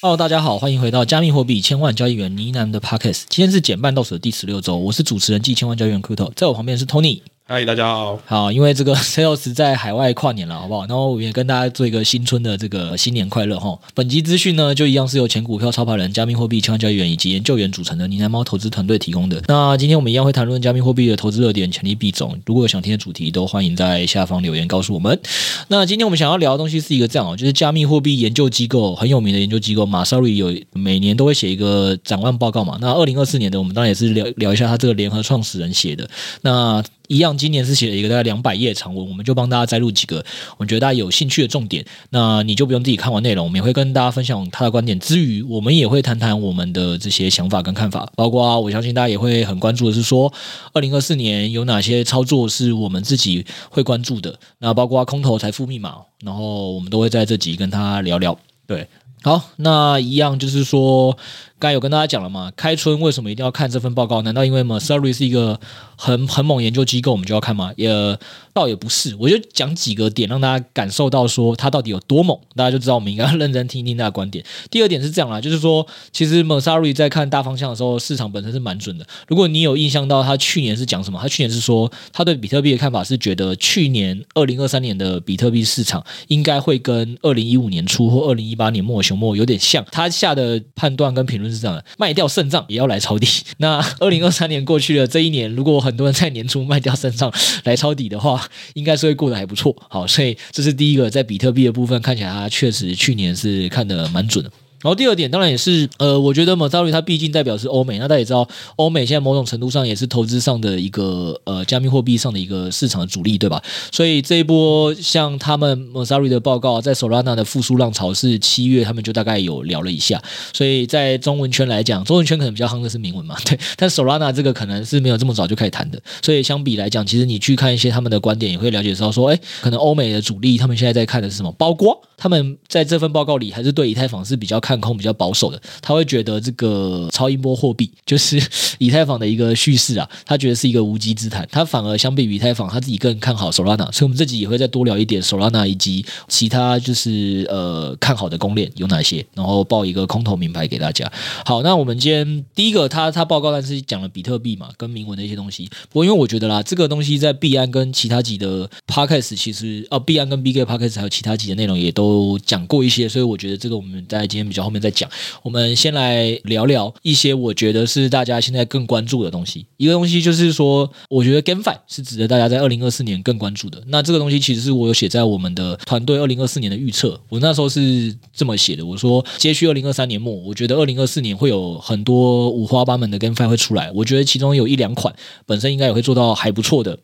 Hello，大家好，歡迎回到加密貨幣千萬交易員呢喃的 Podcast。今天是減半倒數的第十六周，我是主持人暨千萬交易員 Kuto，在我旁邊是 Tony。嗨，大家好。好，因為這個 Sales 在海外跨年了，好不好？然後我們也跟大家做一個新春的這個新年快樂哈。本集資訊呢，就一樣是由前股票操盤人、加密貨幣千萬交易員以及研究員組成的呢喃貓投資團隊提供的。那今天我們一樣會談論加密貨幣的投資熱點、潛力幣種。如果有想聽的主題，都歡迎在下方留言告訴我們。那今天我們想要聊的東西是一個這樣哦，就是加密貨幣研究機構很有名的研究機構 Messari 有每年都會寫一個展望報告嘛。那二零二四年的我們當然也是聊聊一下他這個聯合創始人寫的那。一樣，今年是寫了一個大概兩百頁長文，我們就幫大家摘錄幾個，我們覺得大家有興趣的重點。那你就不用自己看完內容，我們也會跟大家分享他的觀點之餘，我們也會談談我們的這些想法跟看法。包括我相信大家也會很關注的是說，二零二四年有哪些操作是我們自己會關注的？那包括空投財富密碼，然後我們都會在這集跟他聊聊。對，好，那一樣就是說。剛才有跟大家講了嘛？開春為什麼一定要看這份報告？難道因為 Messari 是一個很很猛研究機構，我們就要看嗎？也倒也不是。我就講幾個點，讓大家感受到說他到底有多猛，大家就知道我們應該要認真聽一聽他的觀點。第二點是這樣啦、啊，就是說，其實 Messari 在看大方向的時候，市場本身是蠻準的。如果你有印象到他去年是講什麼，他去年是說他對比特幣的看法是覺得，去年二零二三年的比特幣市場應該會跟二零一五年初或二零一八年末熊末有點像。他下的判斷跟評論。是這樣的，賣掉腎臟也要來抄底。那二零二三年過去了這一年，如果很多人在年初賣掉腎臟來抄底的話，應該是會過得還不錯。好，所以這是第一個在比特幣的部分，看起來它確實去年是看得蠻準的。然後第二點當然也是，呃，我覺得 Messari 他畢竟代表是歐美，那大家也知道，歐美現在某種程度上也是投資上的一個呃，加密貨幣上的一個市場的主力，對吧？所以這一波像他們 Messari 的報告，在 Solana 的復蘇浪潮是七月，他們就大概有聊了一下。所以在中文圈來講，中文圈可能比較夯的是銘文嘛，對。但 Solana 這個可能是沒有這麼早就開始談的，所以相比來講，其實你去看一些他們的觀點，也會了解到說，誒，可能歐美的主力他們現在在看的是什麼？包括他們在這份報告裡，還是對以太坊是比較。看空比較保守的，他會覺得這個超音波貨幣就是以太坊的一個敘事啊，他覺得是一個無稽之談。他反而相比以太坊，他自己更看好 Solana。所以，我們這集也會再多聊一點 Solana 以及其他就是呃看好的公鏈有哪些，然後報一個空投明牌給大家。好，那我們今天第一個，他他報告但是講了比特幣嘛，跟銘文的一些東西。不過，因為我覺得啦，這個東西在幣安跟其他級的 Podcast 其實哦，啊，幣安跟 BK Podcast 還有其他級的內容也都講過一些，所以我覺得這個我們在今天比較。然後後面再講，我們先來聊聊一些我覺得是大家現在更關注的東西。一個東西就是說，我覺得 GameFi 是值得大家在二零二四年更關注的。那這個東西其實是我有寫在我們的團隊二零二四年的預測。我那時候是這麼寫的，我說接續二零二三年末，我覺得二零二四年會有很多五花八門的 GameFi 會出來。我覺得其中有一兩款本身應該也會做到還不錯的。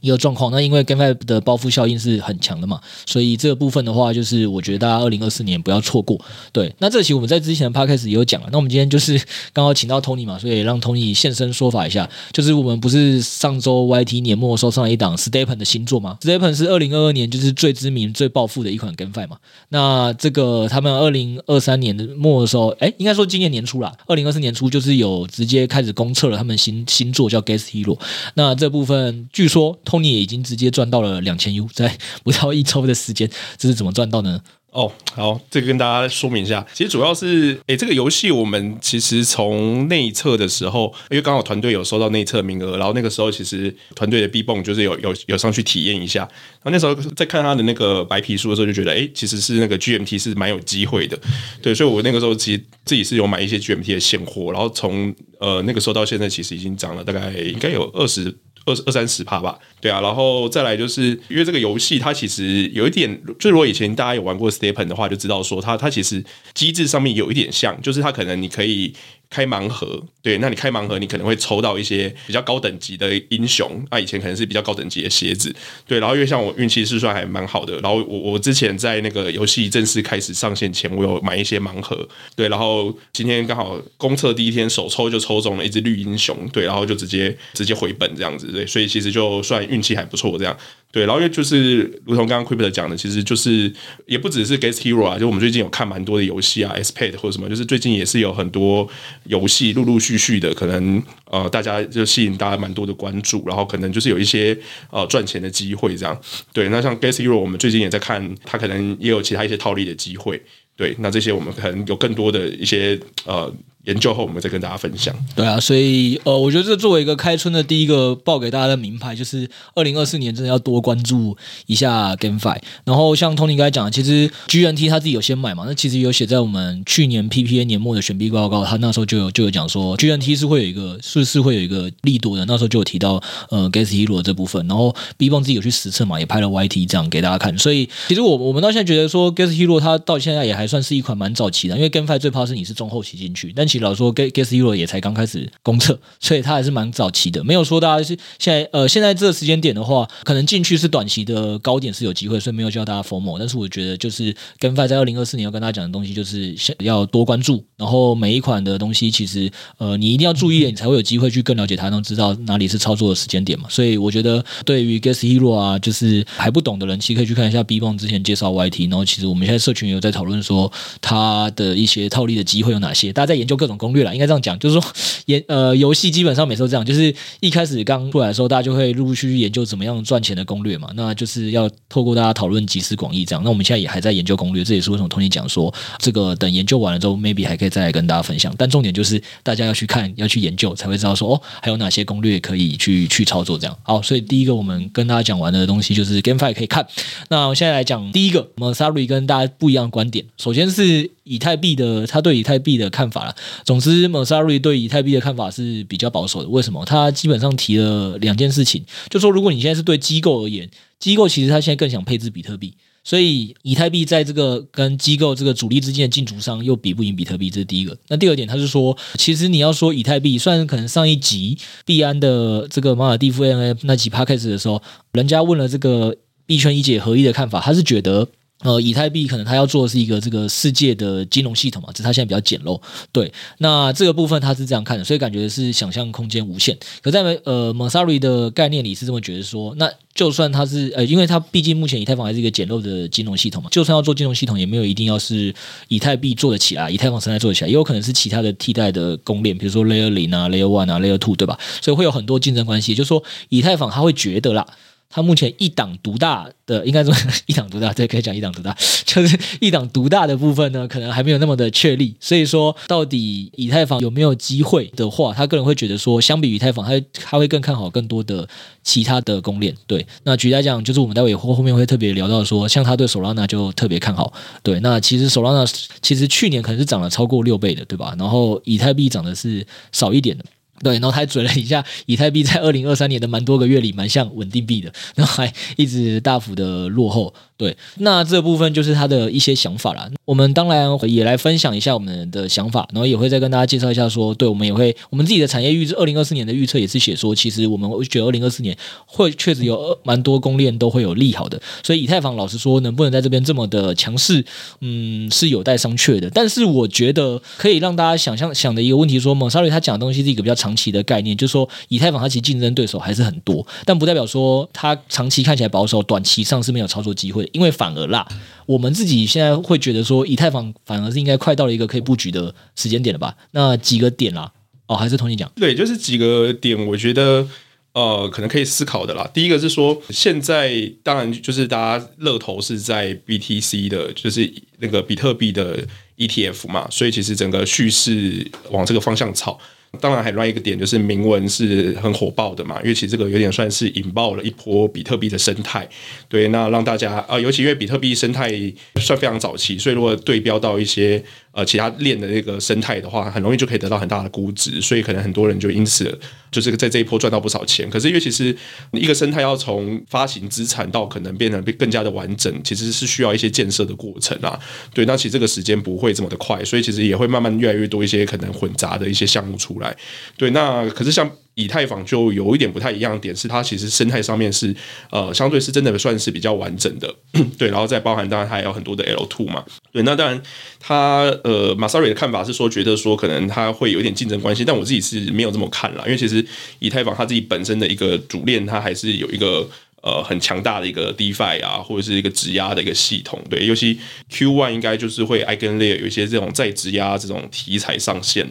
一個狀況，那因為 GameFi 的暴富效應是很強的嘛，所以這個部分的話，就是我覺得大家二零二四年不要錯過。對，那這期我們在之前的 Podcast 開始也有講了，那我們今天就是剛好請到 Tony 嘛，所以讓 Tony 現身說法一下，就是我們不是上周 YT 年末收上了一檔 StepN 的新作嗎？StepN 是二零二二年就是最知名、最暴富的一款 GameFi 嘛，那這個他們二零二三年的末的時候，誒、欸，應該說今年年初啦，二零二四年初就是有直接開始公測了他們新新作叫 Gas Hero。那這部分據說。托尼也已經直接賺到了兩千 U，在不到一周的時間，這是怎麼賺到呢？哦，oh，好，這個跟大家說明一下，其實主要是，哎，這個遊戲我們其實從內測的時候，因為剛好團隊有收到內測名額，然後那個時候其實團隊的 B 泵就是有有有上去體驗一下，然後那時候在看他的那個白皮書的時候就覺得，哎，其實是那個 GMT 是蠻有機會的，對，所以我那個時候其實自己是有買一些 GMT 的現貨，然後從呃那個時候到現在，其實已經漲了大概應該有二十。二二三十趴吧，對啊，然後再來就是因為這個遊戲它其實有一點，就如果以前大家有玩過 StepN 的話，就知道說它它其實機制上面有一點像，就是它可能你可以，開盲盒，對，那你開盲盒，你可能會抽到一些比較高等級的英雄，啊，以前可能是比較高等級的鞋子，對，然後因為像我運氣是算還蠻好的，然後我我之前在那個遊戲正式開始上線前，我有買一些盲盒，對，然後今天剛好公測第一天，首抽就抽中了一隻綠英雄，對，然後就直接直接回本這樣子，對，所以其實就算運氣還不錯，這樣。對，然後因為就是，如同剛剛 Quipper 的講的，其實就是也不只是 Gas Hero 啊，就我們最近有看蠻多的遊戲啊 Spad 或者什麼，就是最近也是有很多遊戲陸陸續續的，可能呃，大家就吸引大家蠻多的關注，然後可能就是有一些呃賺錢的機會，這樣。對，那像 Gas Hero，我們最近也在看，他，可能也有其他一些套利的機會。對，那這些我們可能有更多的一些呃。研究後，我們再跟大家分享。對啊，所以呃，我覺得這作為一個開春的第一個報給大家的明牌，就是二零二四年真的要多關注一下 GameFi。然後像 Tony 剛才講的，其實 GNT 他自己有先買嘛，那其實有寫在我們去年 PPA 年末的選幣報告，他那時候就有就有講說 GNT 是會有一個是是會有一個利多的，那時候就有提到呃 Gas Hero 這部分，然後 B 方自己有去實測嘛，也拍了 YT 這樣給大家看。所以其實我我們到現在覺得說 Gas Hero 它到現在也還算是一款蠻早期的，因為 GameFi 最怕是你是中後期進去，但其老說、G、Gas Hero 也才剛開始公測，所以它還是蠻早期的。沒有說大家是現在呃現在這個時間點的話，可能進去是短期的高點是有機會，所以沒有叫大家 FOMO，但是我覺得就是跟發在二零二四年要跟大家講的東西，就是要多關注。然後每一款的東西其實呃你一定要注意點，你才會有機會去更了解它，能知道哪裡是操作的時間點嘛。所以我覺得對於 Gas Hero 啊，就是還不懂的人，其實可以去看一下 BBom 之前介紹 YT。然後其實我們現在社群也有在討論說它的一些套利的機會有哪些，大家在研究。各種攻略了，應該這樣講，就是說，演呃，遊戲基本上每次都這樣，就是一開始剛出來的時候，大家就會陸續去研究怎麼樣賺錢的攻略嘛，那就是要透過大家討論，集思廣益這樣。那我們現在也還在研究攻略，這也是為什麼同你講說，這個等研究完了之後，maybe 還可以再來跟大家分享。但重點就是大家要去看，要去研究，才會知道說哦，還有哪些攻略可以去去操作這樣。好，所以第一個我們跟大家講完的東西就是 GameFi 可以看。那我現在來講第一個，我們 Sally 跟大家不一樣的觀點，首先是。以太幣的，他對以太幣的看法啦。總之蒙薩瑞對以太幣的看法是比較保守的。為什麼？他基本上提了兩件事情，就說，如果你現在是對機構而言，機構其實他現在更想配置比特幣，所以以太幣在這個跟機構這個主力之間的競逐上又比不贏比特幣，這是第一個。那第二點，他是說，其實你要說以太幣，雖然可能上一集幣安的這個馬爾蒂夫 M a 那幾趴開始的時候，人家問了這個幣圈一姐何一的看法，他是覺得。呃，以太幣可能他要做的是一個這個世界的金融系統嘛，只是它現在比較簡陋。對，那這個部分他是這樣看的，所以感覺是想象空間無限。可在呃 m a s a r 的概念裡是這麼覺得說，那就算它是呃，因為它畢竟目前以太坊還是一個簡陋的金融系統嘛，就算要做金融系統，也沒有一定要是以太幣做得起來，以太坊才在做得起來，也有可能是其他的替代的公鏈，比如說 Layer 零啊、Layer one 啊、Layer two，對吧？所以會有很多競爭關係，就是說，以太坊他會覺得啦。他目前一檔獨大的，應該說一檔獨大，對，可以講一檔獨大，就是一檔獨大的部分呢，可能還沒有那麼的確立。所以說，到底以太坊有沒有機會的話，他個人會覺得說，相比以太坊，他會他會更看好更多的其他的公鏈。對，那舉例來講，就是我們待會後後面會特別聊到說，像他對 Solana 就特別看好。對，那其實 Solana 其實去年可能是漲了超過六倍的，對吧？然後以太幣漲的是少一點的。對，然後他還準了一下，以太幣在二零二三年的蠻多個月裡，蠻像穩定幣的，然後還一直大幅的落後。對，那這部分就是他的一些想法啦。我們當然也來分享一下我們的想法，然後也會再跟大家介紹一下說，對我們也會我們自己的產業預測，二零二四年的預測也是寫說，其實我們覺得二零二四年會確實有蠻多公鏈都會有利好的。所以以太坊老實說，能不能在這邊這麼的強勢，嗯，是有待商榷的。但是我覺得可以讓大家想象想的一個問題說，蒙沙瑞他講的東西是一個比較長期的概念，就是說以太坊它其實競爭對手還是很多，但不代表說它長期看起來保守，短期上是沒有操作機會的。因為反而啦，我們自己現在會覺得說，以太坊反而是應該快到了一個可以布局的時間點了吧？那幾個點啦，啊，哦，還是同你講，對，就是幾個點，我覺得呃，可能可以思考的啦。第一個是說，現在當然就是大家樂投是在 BTC 的，就是那個比特幣的 ETF 嘛，所以其實整個敘事往這個方向炒。當然，還另外一個點就是銘文是很火爆的嘛，因為其實這個有點算是引爆了一波比特幣的生態。對，那讓大家啊、呃，尤其因為比特幣生態算非常早期，所以如果對標到一些。呃，其他鏈的那個生態的話，很容易就可以得到很大的估值，所以可能很多人就因此就是在這一波賺到不少錢。可是，因為其實一個生態要從發行資產到可能變得更加的完整，其實是需要一些建設的過程啊。對，那其實這個時間不會這麼的快，所以其實也會慢慢越來越多一些可能混雜的一些項目出來。對，那可是像。以太坊就有一點不太一樣點，是它其實生態上面是呃相對是真的算是比較完整的，對，然後再包含當然它還有很多的 L two 嘛，對，那當然它呃馬薩瑞的看法是說覺得說可能它會有一點競爭關係，但我自己是沒有這麼看啦，因為其實以太坊它自己本身的一個主鏈，它還是有一個呃很強大的一個 DeFi 啊或者是一個質押的一個系統，對，尤其 Q one 應該就是會 EigenLayer 有一些這種再質押這種題材上線。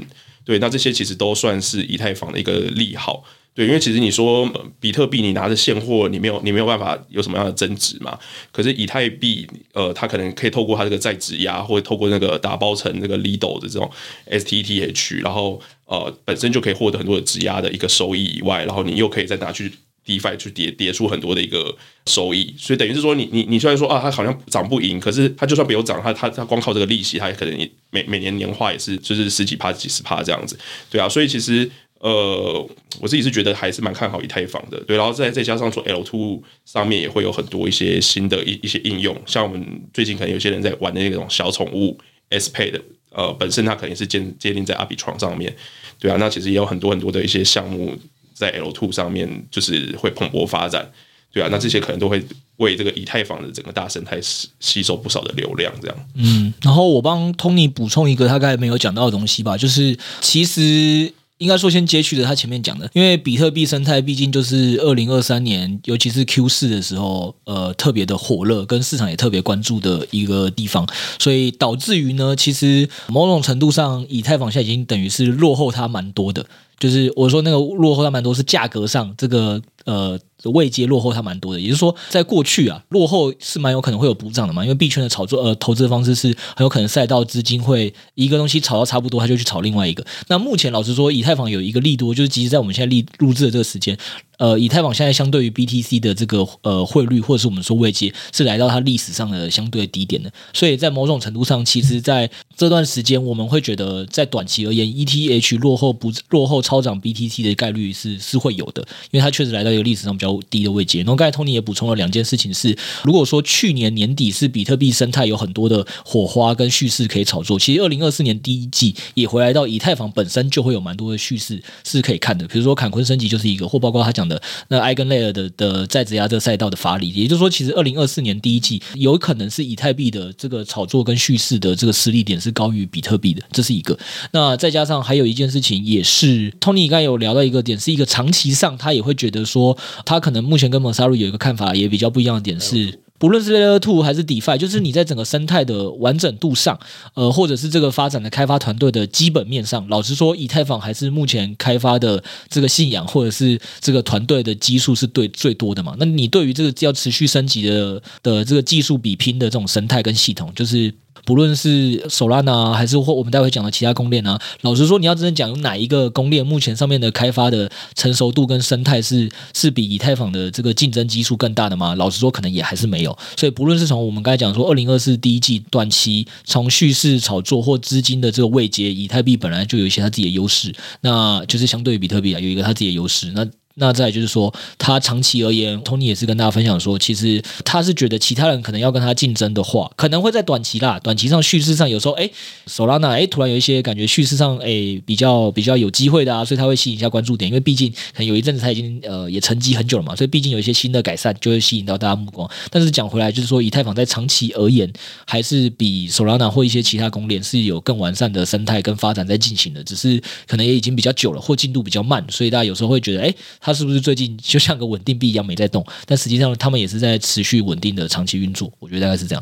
對，那這些其實都算是以太坊的一個利好。對，因為其實你說、呃、比特幣，你拿着現貨，你沒有你沒有辦法有什麼樣的增值嘛。可是以太幣，呃，它可能可以透過它這個再質押，或者透過那個打包成那個 Lido 的這種 stETH，然後呃，本身就可以獲得很多的質押的一個收益以外，然後你又可以再拿去 DeFi 去疊疊出很多的一個收益。所以等於是說你，你你你雖然說啊，它好像漲不贏，可是它就算沒有漲，它它它光靠這個利息，它也可能也。每每年年化也是就是十幾趴幾十趴這樣子，對啊，所以其實呃，我自己是覺得還是蠻看好以太坊的，對，然後再再加上說 L two 上面也會有很多一些新的一一些應用，像我們最近可能有些人在玩的那種小寵物 S Pay 的，呃，本身它肯定是建建立在 Arbitrum 上面，對啊，那其實也有很多很多的一些項目在 L two 上面就是會蓬勃發展。對啊，那這些可能都會為這個以太坊的整個大生態吸吸收不少的流量，這樣。嗯，然後我幫 Tony 補充一個他剛才沒有講到的東西吧，就是其實應該說先接取的他前面講的，因為比特幣生態畢竟就是二零二三年，尤其是 Q 四的時候，呃，特別的火熱，跟市場也特別關注的一個地方，所以導致於呢，其實某種程度上，以太坊現在已經等於是落後它蠻多的，就是我說那個落後它蠻多是價格上這個呃。位階落後它蠻多的，也就是說，在過去啊，落後是蠻有可能會有補漲的嘛，因為幣圈的炒作呃投資的方式是很有可能賽道資金會一個東西炒到差不多，他就去炒另外一個。那目前老實說，以太坊有一個利多，就是即使在我們現在利錄制的這個時間，呃，以太坊現在相對於 B T C 的這個呃匯率或者是我們說位階是來到它歷史上的相對的低點的，所以在某種程度上，其實在這段時間我們會覺得，在短期而言，E T H 落後不落後超漲 B T C 的概率是是會有的，因為它確實來到一個歷史上比較。低的位置。然後剛才 Tony 也補充了兩件事情是：是如果說去年年底是比特幣生態有很多的火花跟敘事可以炒作，其實二零二四年第一季也回來到以太坊本身就會有蠻多的敘事是可以看的。比如說坎昆升級就是一個，或包括他講的那 EigenLayer 的的在質押這個賽道的發力。也就是說，其實二零二四年第一季有可能是以太幣的這個炒作跟敘事的這個實力點是高於比特幣的，這是一個。那再加上還有一件事情，也是 Tony 剛才有聊到一個點，是一個長期上他也會覺得說他。他可能目前跟蒙沙路有一個看法也比較不一樣的點是，不論是 Layer Two 還是 DeFi，就是你在整個生態的完整度上，呃，或者是這個發展的開發團隊的基本面上，老實說，以太坊還是目前開發的這個信仰或者是這個團隊的基數是對最多的嘛？那你對於這個要持續升級的的這個技術比拼的這種生態跟系統，就是。不論是 Solana 呢，還是或我們待會講的其他公鏈呢、啊。老實說，你要真正講有哪一個公鏈目前上面的開發的成熟度跟生態是是比以太坊的這個競爭基礎更大的嗎？老實說，可能也還是沒有。所以，不論是從我們剛才講說二零二四第一季短期從敘事炒作或資金的這個位階，以太幣本來就有一些它自己的優勢，那就是相對於比特幣啊有一個它自己的優勢。那那再來就是說，他長期而言，Tony 也是跟大家分享說，其實他是覺得其他人可能要跟他競爭的話，可能會在短期啦，短期上敘事上有時候，誒，Solana 誒突然有一些感覺敘事上誒、欸、比較比較有機會的啊，所以他會吸引一下關注點，因為畢竟可能有一陣子他已經呃也沉寂很久了嘛，所以畢竟有一些新的改善就會吸引到大家目光。但是講回來，就是說以太坊在長期而言，還是比 Solana 或一些其他公鏈是有更完善的生態跟發展在進行的，只是可能也已經比較久了，或進度比較慢，所以大家有時候會覺得誒。欸它是不是最近就像個穩定幣一樣沒在動？但實際上，他們也是在持續穩定的長期運作。我覺得大概是這樣。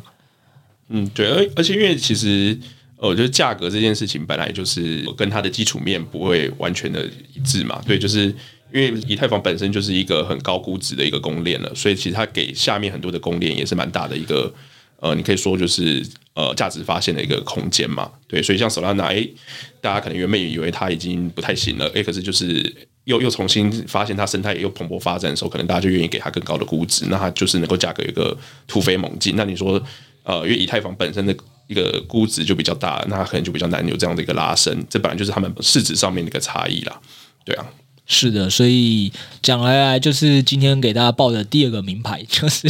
嗯，對，而而且因為其實，呃、哦，我覺得價格這件事情本來就是跟它的基礎面不會完全的一致嘛。對，就是因為以太坊本身就是一個很高估值的一個公鏈了，所以其實它給下面很多的公鏈也是蠻大的一個。呃，你可以說就是呃，價值發現的一個空間嘛，對，所以像 Solana，哎，大家可能原本也以為它已經不太行了，哎，可是就是又又重新發現它生態又蓬勃發展的時候，可能大家就願意給它更高的估值，那它就是能夠價格一個突飛猛進。那你說，呃，因為以太坊本身的一個估值就比較大，那它可能就比較難有這樣的一個拉升，這本來就是他們市值上面的一個差異啦，對啊，是的，所以講來來就是今天給大家報的第二個名牌就是。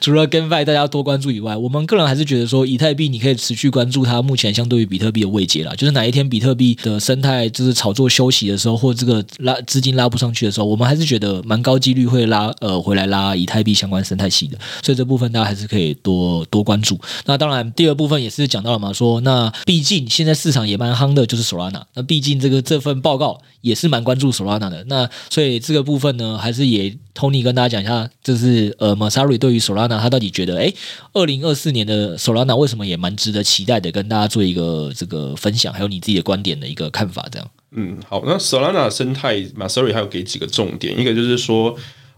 除了跟外大家多關注以外，我們個人還是覺得說，以太幣你可以持續關注它目前相對於比特幣的位階啦。就是哪一天比特幣的生態就是炒作休息的時候，或這個拉資金拉不上去的時候，我們還是覺得蠻高幾率會拉呃回來拉以太幣相關生態系的。所以這部分大家還是可以多多關注。那當然，第二部分也是講到了嘛，說那畢竟現在市場也蠻夯的，就是 s o 娜，a n a 那畢竟這個這份報告也是蠻關注 s o 娜 a n a 的。那所以這個部分呢，還是也 Tony 跟大家講一下，就是呃 m a s s a r 對於 Solana，他到底覺得，哎，二零二四年的 Solana 為什麼也蠻值得期待的？跟大家做一個這個分享，還有你自己的觀點的一個看法，這樣。嗯，好，那 Solana 生態，Messari 還有給幾個重點，一個就是說，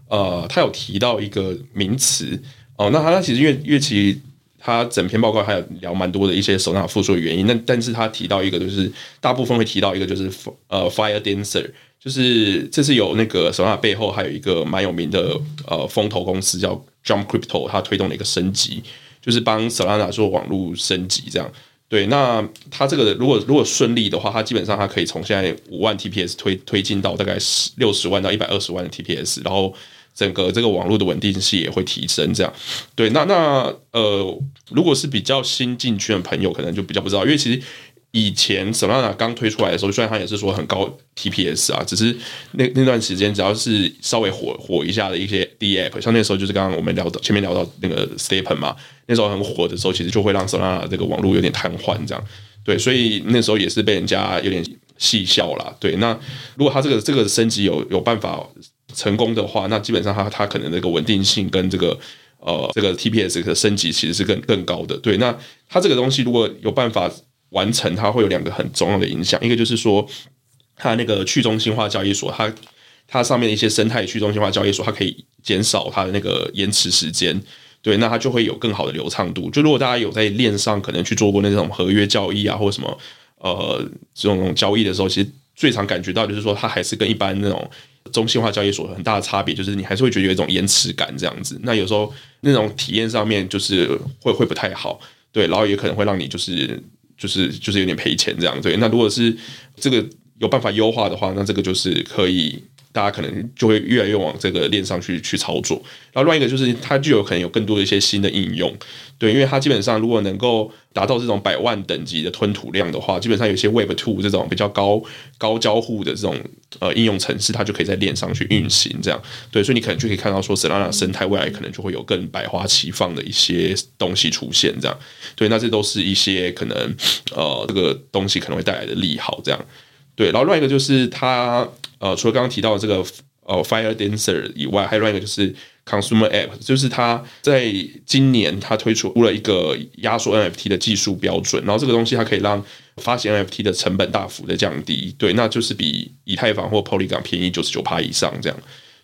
呃，他有提到一個名詞哦、呃，那他,他其實因為因為他整篇報告還有聊蠻多的一些 Solana 復甦的原因，那但是他提到一個就是大部分會提到一個就是 f, 呃，Fire Dancer。就是這是有那個 Solana 背後還有一個蠻有名的呃風投公司叫 Jump Crypto，它推動了一個升級，就是幫 Solana 做網絡升級，這樣。對，那它這個如果如果順利的話，它基本上它可以從現在五萬 TPS 推推進到大概十六十萬到一百二十萬的 TPS，然後整個這個網絡的穩定性也會提升。這樣，對，那那呃，如果是比較新進圈的朋友，可能就比較不知道，因為其實。以前 Solana 剛推出來的時候，雖然它也是說很高 TPS 啊，只是那那段時間只要是稍微火火一下的一些 DApp，像那時候就是剛剛我們聊到前面聊到那個 StepN 嘛，那時候很火的時候，其實就會讓 Solana 這個網絡有點癱瘓，這樣對，所以那時候也是被人家有點戲笑啦。對，那如果它這個這個升級有有辦法成功的話，那基本上它它可能那個穩定性跟這個呃這個 TPS 的升級其實是更更高的。對，那它這個東西如果有辦法。完成它會有兩個很重要的影響，一個就是說，它那個去中心化交易所，它它上面的一些生態去中心化交易所，它可以減少它的那個延遲時間，對，那它就會有更好的流暢度。就如果大家有在鏈上可能去做過那種合約交易啊，或者什麼呃這種交易的時候，其實最常感覺到就是說，它還是跟一般那種中心化交易所很大的差別，就是你還是會覺得有一種延遲感這樣子。那有時候那種體驗上面就是會會不太好，對，然後也可能會讓你就是。就是就是有點賠錢這樣，對，那如果是這個有辦法優化的話，那這個就是可以。大家可能就會越來越往這個鏈上去去操作，然後另外一個就是它就有可能有更多的一些新的應用，對，因為它基本上如果能夠達到這種百萬等級的吞吐量的話，基本上有些 Web Two 這種比較高高交互的這種呃應用程式，它就可以在鏈上去運行，這樣對，所以你可能就可以看到說，Solana 生態未來可能就會有更百花齊放的一些東西出現，這樣對，那這都是一些可能呃這個東西可能會帶來的利好，這樣。對，然後另外一個就是它呃，除了剛剛提到的這個呃，Fire Dancer 以外，還有另外一個就是 Consumer App，就是它在今年它推出出了一個壓縮 NFT 的技術標準，然後這個東西它可以讓發行 NFT 的成本大幅的降低，對，那就是比以太坊或 Polygon 便宜九十九趴以上這樣，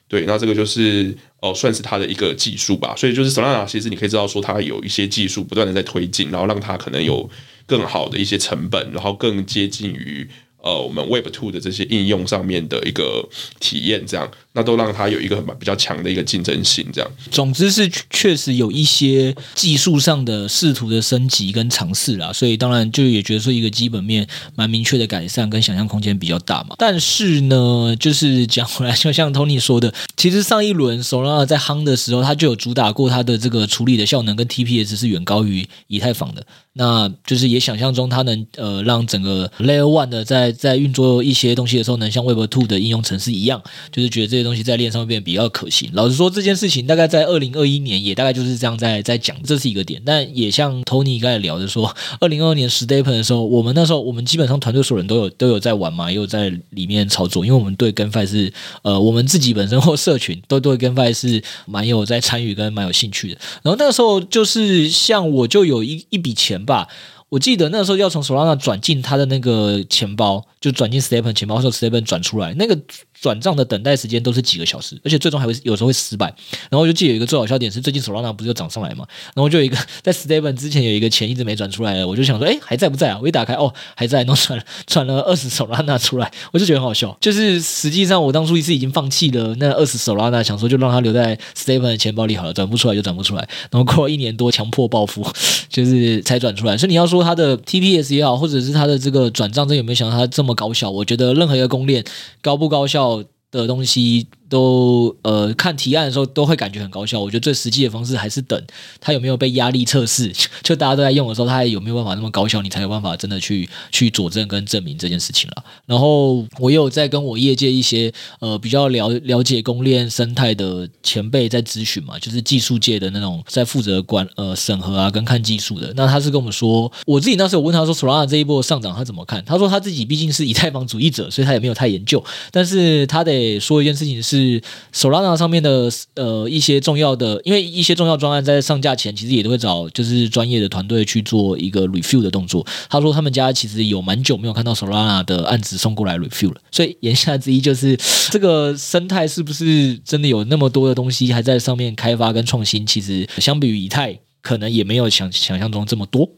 對，那這個就是哦、呃，算是它的一個技術吧。所以就是 Solana 其實你可以知道說它有一些技術不斷的在推進，然後讓它可能有更好的一些成本，然後更接近於。呃，我們 Web Two 的這些應用上面的一個體驗，這樣。它都讓它有一個很，比較強的一個競爭性，這樣。總之是確實有一些技術上的試圖的升級跟嘗試啦，所以當然就也覺得說一個基本面蠻明確的改善跟想象空間比較大嘛。但是呢，就是講回來，就像 Tony 說的，其實上一輪 Solana 在夯的時候，它就有主打過它的這個處理的效能跟 TPS 是遠高於以太坊的，那就是也想象中它能呃讓整個 Layer One 的在在運作一些東西的時候，能像 Web Two 的應用程式一樣，就是覺得這。東西在鏈上面比較可行。老實說，這件事情大概在二零二一年也大概就是這樣在在講，這是一個點。但也像 Tony 剛才聊的說，二零二二年 STEPN 的時候，我們那時候我們基本上團隊所有人都有都有在玩嘛，也有在裡面操作，因為我們對 GameFi 是呃，我們自己本身或社群都對 GameFi 是蠻有在參與跟蠻有興趣的。然後那時候就是像我就有一一筆錢吧。我記得那時候要從 Solana 轉進他的那個錢包，就轉進 Stephen 錢包，說 Stephen 轉出來，那個轉賬的等待時間都是幾個小時，而且最終還會有時候會失敗。然後我就記得有一個最好笑點是，最近 Solana 不是又漲上來嘛？然後就有一個在 Stephen 之前有一個錢一直沒轉出來，我就想說，哎，還在不在啊？我一打開，哦，還在，弄轉了，轉了二十索拉娜出來，我就覺得很好笑。就是實際上我當初是已經放棄了那二十索拉娜，想說就讓他留在 Stephen 的錢包裡好了，轉不出來就轉不出來。然後過了一年多，強迫暴富，就是才轉出來。所以你要說。它的 TPS 也好，或者是它的這個轉賬，這有沒有想到它這麼高效？我覺得任何一個公鏈高不高效的東西。都呃看提案的時候都會感覺很高效，我覺得最實際的方式還是等它有沒有被壓力測試，就大家都在用的時候，它還有沒有辦法那麼高效，你才有辦法真的去去佐證跟證明這件事情了。然後我也有在跟我業界一些呃比較了了解公鏈生態的前輩在諮詢嘛，就是技術界的那種在負責管呃審核啊跟看技術的，那他是跟我們說，我自己那時候有問他說 Solana 這一波上漲他怎麼看，他說他自己畢竟是以太坊主義者，所以他也沒有太研究，但是他得說一件事情是，就是 Solana 上面的呃一些重要的，因為一些重要專案在上架前，其實也都會找就是專業的團隊去做一個 review 的動作。他說他們家其實有蠻久沒有看到 Solana 的案子送過來 review 了，所以言下之意就是這個生態是不是真的有那麼多的東西還在上面開發跟創新？其實相比於以太，可能也沒有想想象中這麼多。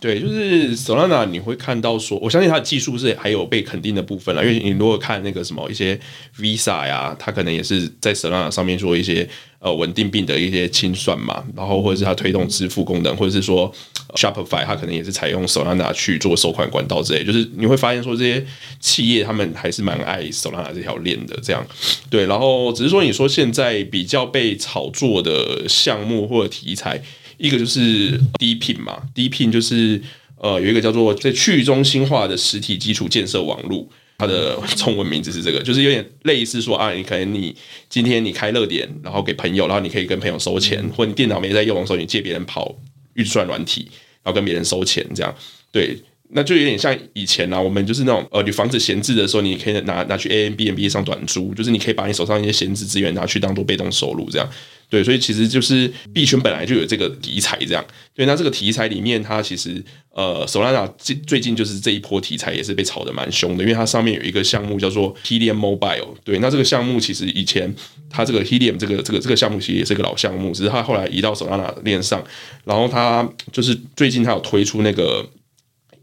對，就是 Solana。你會看到說，我相信它的技術是還有被肯定的部分了，因為你如果看那個什麼一些 Visa 呀，它可能也是在 Solana 上面說一些呃穩定幣的一些清算嘛，然後或者是它推動支付功能，或者是說 Shopify，它可能也是採用 Solana 去做收款管道之類的，就是你會發現說這些企業他們還是蠻愛 Solana 這條鏈的，這樣，對，然後只是說你說現在比較被炒作的項目或者題材。一個就是 DePIN 嘛，DePIN 就是呃，有一個叫做在去中心化的實體基礎建設網絡，它的中文名字是這個，就是有點類似說啊，你可能你今天你開熱點，然後給朋友，然後你可以跟朋友收錢，嗯、或者你電腦沒在用的時候，你借別人跑運算軟體，然後跟別人收錢，這樣，對，那就有點像以前呢、啊，我們就是那種呃，你房子閒置的時候，你可以拿拿去 Airbnb 上短租，就是你可以把你手上一些閒置資源拿去當做被動收入這樣。對，所以其實就是幣圈本來就有這個題材，這樣。對，那這個題材裡面，它其實呃，Solana 最最近就是這一波題材也是被炒的蠻兇的，因為它上面有一個項目叫做 Helium Mobile。對，那這個項目其實以前它這個 Helium 這個這個這個項目其實也是一個老項目，只是它後來移到 Solana 鏈上。然後它就是最近它有推出那個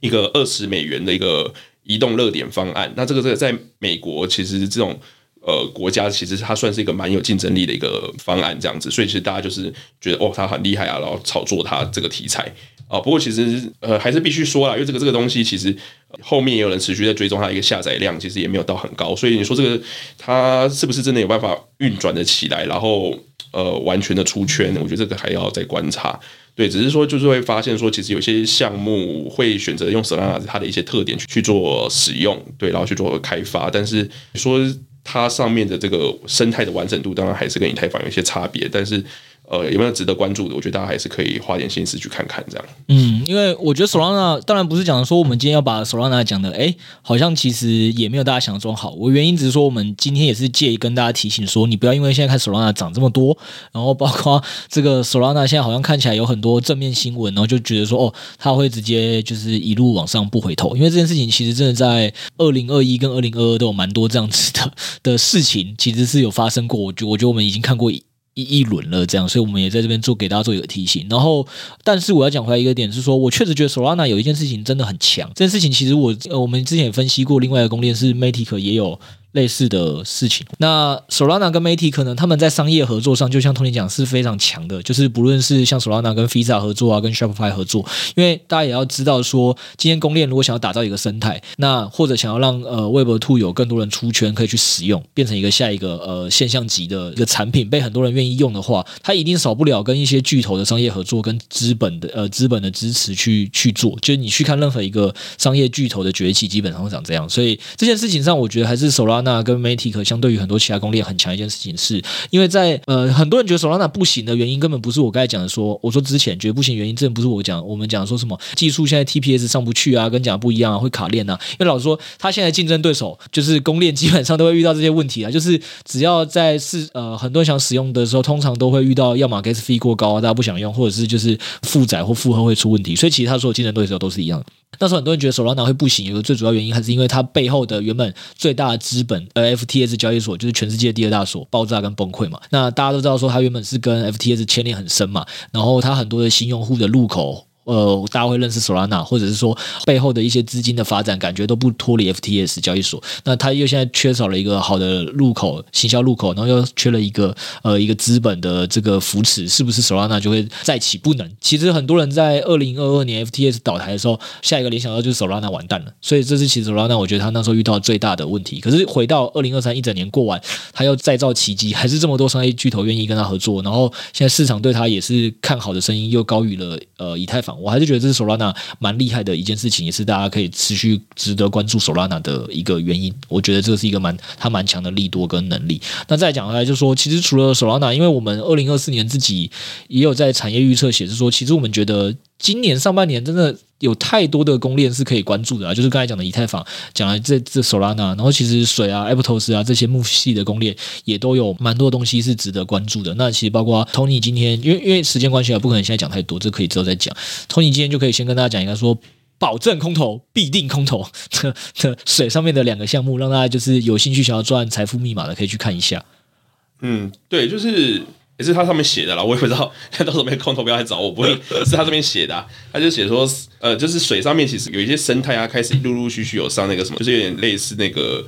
一個二十美元的一個移動熱點方案。那這個這個在美國其實這種，呃，國家其實它算是一個蠻有競爭力的一個方案，這樣子，所以其實大家就是覺得哦，它很厲害啊，然後炒作它這個題材啊，呃。不過其實呃，還是必須說啦，因為這個這個東西其實、呃、後面也有人持續在追蹤它的一個下載量，其實也沒有到很高。所以你說這個它是不是真的有辦法運轉的起來，然後呃，完全的出圈呢？我覺得這個還要再觀察。對，只是說就是會發現說，其實有些項目會選擇用 Solana 它的一些特點去去做使用，對，然後去做開發，但是你說。它上面的這個生態的完整度，當然還是跟以太坊有一些差別，但是，呃，有沒有值得關注的？我覺得大家還是可以花點心思去看看這樣。嗯，因為我覺得 Solana 當然不是講說我們今天要把 Solana 講的，哎、欸，好像其實也沒有大家想像中好。我原因只是說，我們今天也是介意跟大家提醒說，你不要因為現在看 Solana 漲這麼多，然後包括這個 Solana 現在好像看起來有很多正面新聞，然後就覺得說，哦，它會直接就是一路往上不回頭。因為這件事情其實真的在二零二一跟二零二二都有蠻多這樣子的的事情，其實是有發生過。我覺我覺得我們已經看過一一輪了，這樣，所以我們也在這邊做給大家做一個提醒。然後，但是我要講回來一個點是說，我確實覺得 Solana 有一件事情真的很強。這件事情其實我呃，我們之前也分析過，另外一個公鏈，是 Matic 也有。類似的事情，那 Solana 跟 m a t 體可能他們在商業合作上，就像 Tony 講是非常強的，就是不論是像 Solana 跟 f i z a 合作啊，跟 Shopify 合作，因為大家也要知道說，今天公鏈如果想要打造一個生態，那或者想要讓呃 w e b 2有更多人出圈可以去使用，變成一個下一個呃現象級的一個產品，被很多人願意用的話，它一定少不了跟一些巨頭的商業合作跟資本的呃資本的支持去去做。就是你去看任何一個商業巨頭的崛起，基本上會長這樣。所以這件事情上，我覺得還是 Solana。那跟媒體可相對於很多其他公鏈很強一件事情，是因為在呃很多人覺得 Solana 不行的原因，根本不是我剛才講的說，我說之前覺得不行原因，真的不是我講我們講說什麼技術現在 TPS 上不去啊，跟講不一樣啊，會卡鏈啊。因為老實說，他現在競爭對手就是公鏈，基本上都會遇到這些問題啊。就是只要在是呃很多人想使用的時候，通常都會遇到要麼 gas fee 過高啊，大家不想用，或者是就是負載或負荷會出問題。所以其實他所有競爭對手都是一樣。那時候很多人覺得 Solana 會不行，有的最主要原因還是因為它背後的原本最大的資。本而，FTS 交易所就是全世界第二大所，爆炸跟崩潰嘛。那大家都知道說，它原本是跟 FTS 牽連很深嘛，然後它很多的新用戶的入口。呃，大家會認識 Solana，或者是說背後的一些資金的發展，感覺都不脫離 FTS 交易所。那它又現在缺少了一個好的入口行銷入口，然後又缺了一個呃一個資本的這個扶持，是不是 Solana 就會再起不能？其實很多人在二零二二年 FTS 倒台的時候，下一個聯想到就是 Solana 完蛋了。所以這次其實 Solana，我覺得他那時候遇到最大的問題。可是回到二零二三一整年過完，他又再造奇蹟，還是這麼多商業巨頭願意跟他合作。然後現在市場對他也是看好的聲音，又高於了呃以太坊。我還是覺得這是 Solana 蠻厲害的一件事情，也是大家可以持續值得關注 Solana 的一個原因。我覺得這個是一個蠻它蠻強的利多跟能力。那再講回來就是說，就說其實除了 Solana，因為我們二零二四年自己也有在產業預測顯示說，其實我們覺得今年上半年真的有太多的公鏈是可以關注的啊，就是剛才講的以太坊，講了這這 Solana，然後其實水啊、Aptos 啊這些 Move 系的公鏈也都有蠻多東西是值得關注的。那其實包括 Tony 今天，因為因為時間關係啊，不可能現在講太多，這可以之後再講。Tony 今天就可以先跟大家講一下說，說保證空投必定空投的水上面的兩個項目，讓大家就是有興趣想要賺財富密碼的可以去看一下。嗯，對，就是。也是他上面寫的啦，我也不知道，到時候沒空投標來找我，不會是他這邊寫的，啊。他就寫說，呃，就是水上面其實有一些生態啊，開始陸陸續續有上那個什麼，就是有點類似那個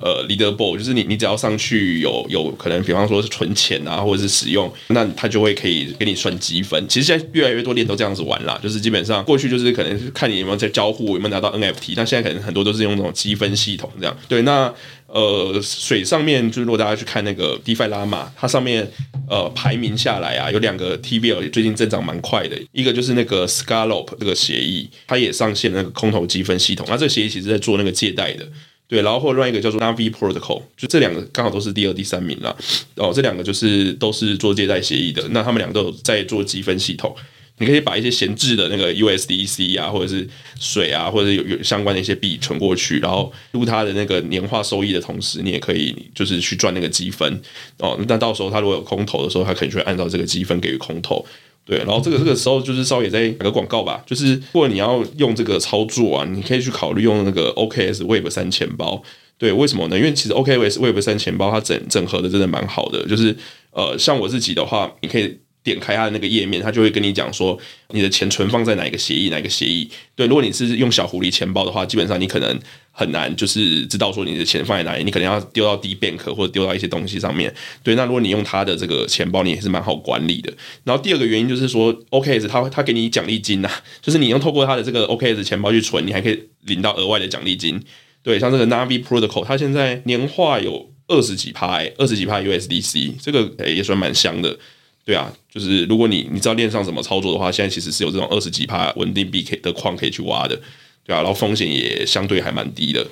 呃，leaderboard，就是你你只要上去有有可能，比方說是存錢啊，或者是使用，那他就會可以給你算積分。其實現在越來越多鏈，都這樣子玩啦，就是基本上過去就是可能看你有沒有在交互，有沒有拿到 NFT，但現在可能很多都是用那種積分系統這樣。對，那。呃，水上面就是如果大家去看那個 DeFi Llama 它上面呃排名下來啊，有兩個 TVL 最近增長蠻快的，一個就是那個 Scallop 這個協議，它也上線了那個空投積分系統。那這個協議其實在做那個借貸的，對。然後另外一個叫做 Navi Protocol，就這兩個剛好都是第二、第三名了。哦，這兩個就是都是做借貸協議的，那他們兩個都有在做積分系統。你可以把一些閒置的那個 USDC 啊，或者是水啊，或者是有有相關的一些幣存過去，然後入它的那個年化收益的同時，你也可以就是去賺那個積分哦。那到時候它如果有空投的時候，它可能就會按照這個積分給予空投。對，然後這個、嗯、這個時候就是稍微也在打個廣告吧，就是如果你要用這個操作啊，你可以去考慮用那個 OKX Web3 錢包。對，為什麼呢？因為其實 OKX Web3 錢包它整整合的真的蠻好的，就是呃，像我自己的話，你可以。點開它的那個頁面，它就會跟你講說你的錢存放在哪一個協議，哪一個協議。對，如果你是用小狐狸錢包的話，基本上你可能很難就是知道說你的錢放在哪裡，你可能要丟到 DeBank 或者丟到一些東西上面。對，那如果你用他的這個錢包，你也是蠻好管理的。然後第二個原因就是說，OKX 他給你獎勵金吶、啊，就是你用透過他的這個 OKX 錢包去存，你還可以領到額外的獎勵金。對，像這個 Navi Protocol，它現在年化有二十幾趴，二、欸、十幾趴 USDC，這個誒、欸、也算蠻香的。對啊，就是如果你你知道鏈上怎麼操作的話，現在其實是有這種二十幾帕穩定幣的礦可以去挖的，對啊，然後風險也相對還蠻低的。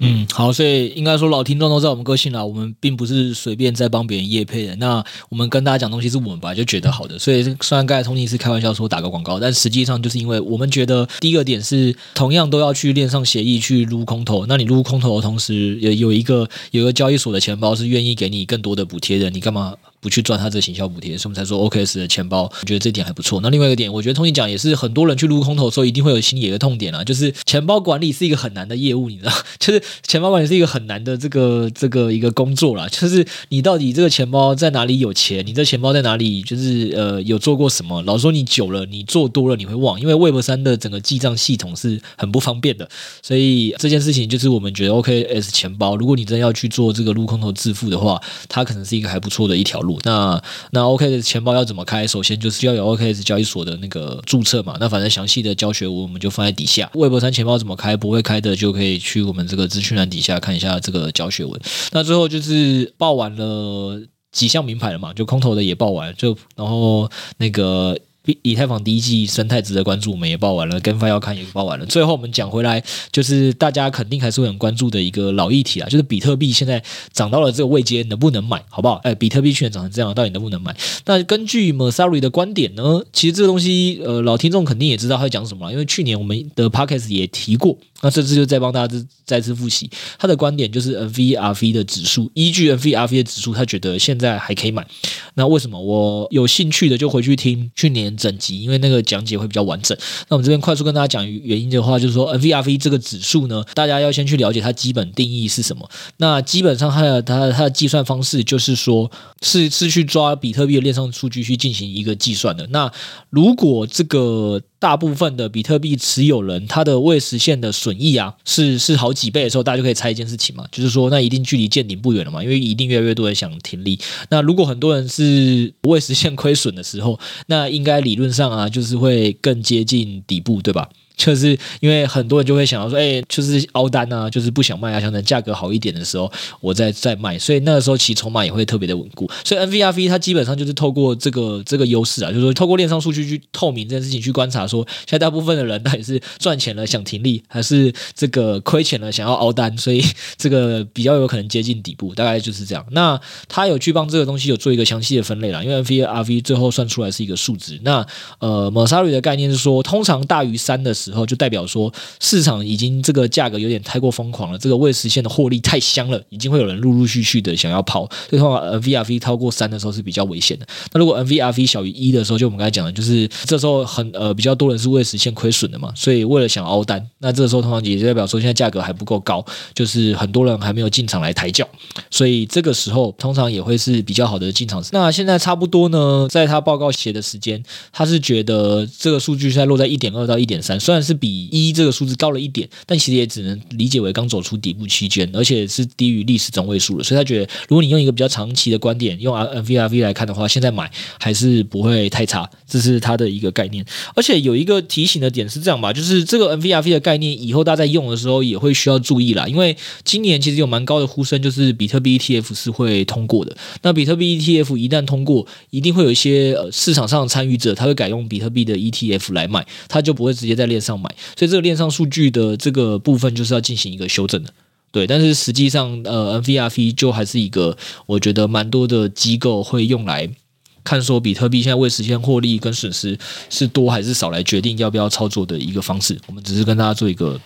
嗯，嗯好，所以應該說老聽眾都知道我們個性了，我們並不是隨便在幫別人液配的。那我們跟大家講東西是我們本來就覺得好的，嗯、所以雖然剛才通 o 是開玩笑說打個廣告，但實際上就是因為我們覺得第一個點是同樣都要去鏈上協議去擼空頭，那你擼空頭的同時也有一個有一個交易所的錢包是願意給你更多的補貼的，你干嘛？不去賺他這個行銷補貼，所以我們才說 OKX 的錢包，我覺得這點還不錯。那另外一個點，我覺得通常講也是很多人去擼空投的時候，一定會有心理有一個痛點啊，就是錢包管理是一個很難的業務，你知道，就是錢包管理是一個很難的這個這個一個工作啦，就是你到底這個錢包在哪裡有錢，你這錢包在哪裡，就是呃有做過什麼？老說你久了，你做多了你會忘，因為 Web 三的整個記賬系統是很不方便的，所以這件事情就是我們覺得 OKX 錢包，如果你真的要去做這個擼空投致富的話，它可能是一個還不錯的一條路。那那 OK 的錢包要怎麼開？首先就是要有 OK 的交易所的那個註冊嘛。那反正詳細的教學文我們就放在底下。Web3 錢包怎麼開？不會開的就可以去我們這個資訊欄底下看一下這個教學文。那最後就是報完了幾項明牌了嘛，就空投的也報完，就然後那個。以以太坊第一季生態值得關注，我們也報完了。跟 e m i 要看也報完了。最後我們講回來，就是大家肯定還是會很關注的一個老議題啊，就是比特幣現在漲到了這個位階，能不能買，好不好？哎、欸，比特幣去年漲成這樣，到底能不能買？那根據 Messari 的觀點呢，其實這個東西呃，老聽眾肯定也知道他講什麼了，因為去年我們的 Podcast 也提過，那這次就再幫大家再次複習他的觀點，就是 MVRV 的指數，依據 MVRV 的指數，他覺得現在還可以買。那為什麼？我有興趣的就回去聽去年整集，因為那個講解會比較完整。那我們這邊快速跟大家講原因的話，就是說，NVRV 這個指數呢，大家要先去了解它基本定義是什麼。那基本上，它的它它的計算方式就是說，是是去抓比特幣的鏈上數據去進行一個計算的。那如果這個大部分的比特幣持有人，他的未實現的損益啊，是是好幾倍的時候，大家就可以猜一件事情嘛，就是說那一定距離見頂不遠了嘛，因為一定越來越多的人想停利。那如果很多人是未實現虧損的時候，那應該理論上啊，就是會更接近底部，對吧？就是因為很多人就會想要說，哎、欸，就是凹單吶、啊，就是不想賣啊，想等價格好一點的時候，我再再賣，所以那個時候其籌碼也會特別的穩固。所以 NVRV 它基本上就是透過這個這個優勢啊，就是說透過鏈上數據去透明這件事情，去觀察說，現在大部分的人到底是賺錢了想停利，還是這個虧錢了想要凹單，所以這個比較有可能接近底部，大概就是這樣。那他有去幫這個東西有做一個詳細的分類啦，因為 NVRV 最後算出來是一個數值。那呃 Messari 的概念是說，通常大於三的。時候就代表說市場已經這個價格有點太過瘋狂了，這個未實現的獲利太香了，已經會有人陸陸續續的想要拋。所以通常，MVRV 超過三的時候是比較危險的。那如果 MVRV 小於一的時候，就我們剛才講的，就是這時候很呃比較多人是未實現虧損的嘛，所以為了想凹單，那這個時候通常也就代表說現在價格還不夠高，就是很多人還沒有進場來抬轎，所以這個時候通常也會是比較好的進場時。那現在差不多呢，在他報告寫的時間，他是覺得這個數據現在落在一點二到一點三，算是比一、e、這個數字高了一點，但其實也只能理解為剛走出底部區間，而且是低於歷史中位數了。所以他覺得，如果你用一個比較長期的觀點，用 MVRV 來看的話，現在買還是不會太差，這是他的一個概念。而且有一個提醒的點是這樣吧，就是這個 MVRV 的概念，以後大家在用的時候也會需要注意啦。因為今年其實有蠻高的呼聲，就是比特幣 ETF 是會通過的。那比特幣 ETF 一旦通過，一定會有一些呃市場上的參與者，他會改用比特幣的 ETF 來買，他就不會直接在鏈。上買，所以這個鏈上數據的這個部分就是要進行一個修正的，對。但是實際上，呃，MVRV 就還是一個我覺得蠻多的機構會用來看說比特幣現在未實現獲利跟損失是多還是少來決定要不要操作的一個方式。我們只是跟大家做一個。